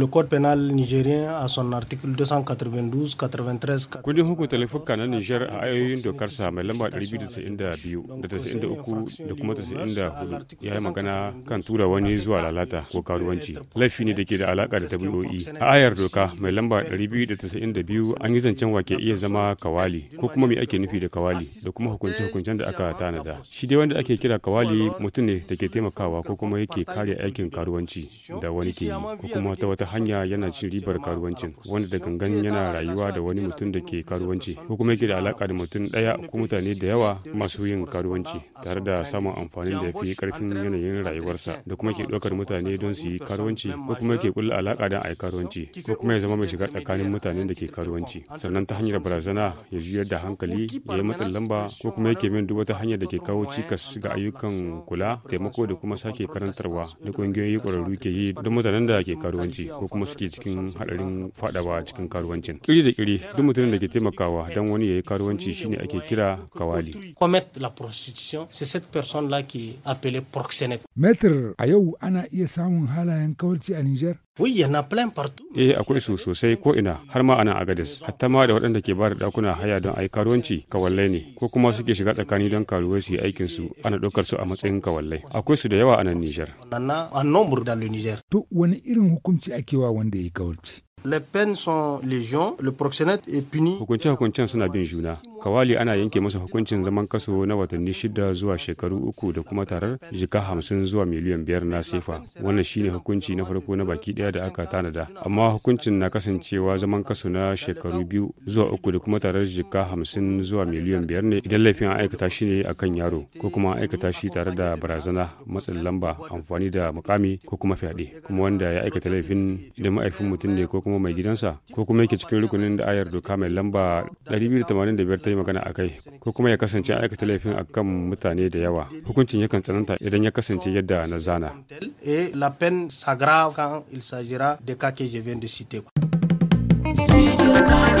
Le Code pénal nigérien a son article 292, 93, kudin hukunta laifuka na niger a ayoyin dokarsa mai lamba 292 da 93 da kuma 94 ya yi magana kan tura wani zuwa lalata ko karuwanci. Laifi ne da ke da alaka da tabi'o'i. A ayar doka mai lamba 292 an yi zancen wake iya zama kawali ko kuma me ake nufi da kawali da kuma hukunce-hukuncen da aka tanada. Shi dai wanda ake kira kawali mutum ne da ke taimakawa ko kuma yake kare aikin karuwanci da wani ke ko kuma ta wata hanya yana cin ribar karuwancin wanda da gangan yana rayuwa da wani mutum da ke karuwanci ko kuma yake da alaka da mutum daya ko mutane da yawa masu yin karuwanci tare da samun amfanin da ya fi karfin yanayin rayuwarsa da kuma ke ɗaukar mutane don su yi karuwanci ko kuma ke kulla alaka da a karuwanci ko kuma ya zama mai shiga tsakanin mutanen da ke karuwanci sannan ta hanyar barazana ya juyar da hankali ya yi matsin lamba ko kuma yake min duk wata hanyar da ke kawo cikas ga ayyukan kula taimako da kuma sake karantarwa da ƙungiyoyi ƙwararru ke yi don mutanen da ke karuwanci ko kuma suke cikin haɗarin faɗawa cikin karuwancin kiri da kiri duk mutumin da ke taimakawa don wani ya yi karuwanci shine ake kira kawali Metr a yau ana iya samun halayen kawalci a Nijar? Eh akwai su sosai ko ina har ma ana agadis hatta ma da waɗanda ke ba da dakuna haya don ai karuwanci kawallai ne ko kuma suke shiga tsakani don karuwai su yi aikin su ana ɗaukar su a matsayin kawallai akwai su da yawa a nan Niger. To wani irin hukunci ake wa wanda ya kawarci? Les peines sont légion, le proxénète est puni. Hukunce-hukuncen suna bin juna. Kawali ana yanke masa hukuncin zaman kaso na watanni shida zuwa shekaru uku da kuma tarar jika hamsin zuwa miliyan biyar na sefa. Wannan shine hukunci na farko na baki daya da aka tanada. Amma hukuncin na kasancewa zaman kaso na shekaru biyu zuwa uku da kuma tarar jika hamsin zuwa miliyan biyar ne idan laifin an aikata shi ne kan yaro ko kuma an aikata shi tare da barazana, matsin lamba, amfani da mukami ko kuma fyaɗe. Kuma wanda ya aikata laifin idan ma'aifin mutum ne ko kuma mai gidansa ko kuma yake cikin rukunin da ayar doka mai lamba 285 ta yi magana a kai ko kuma ya kasance aikata laifin a kan mutane da yawa hukuncin yakan tsananta idan ya kasance yadda na zana. de Ghana.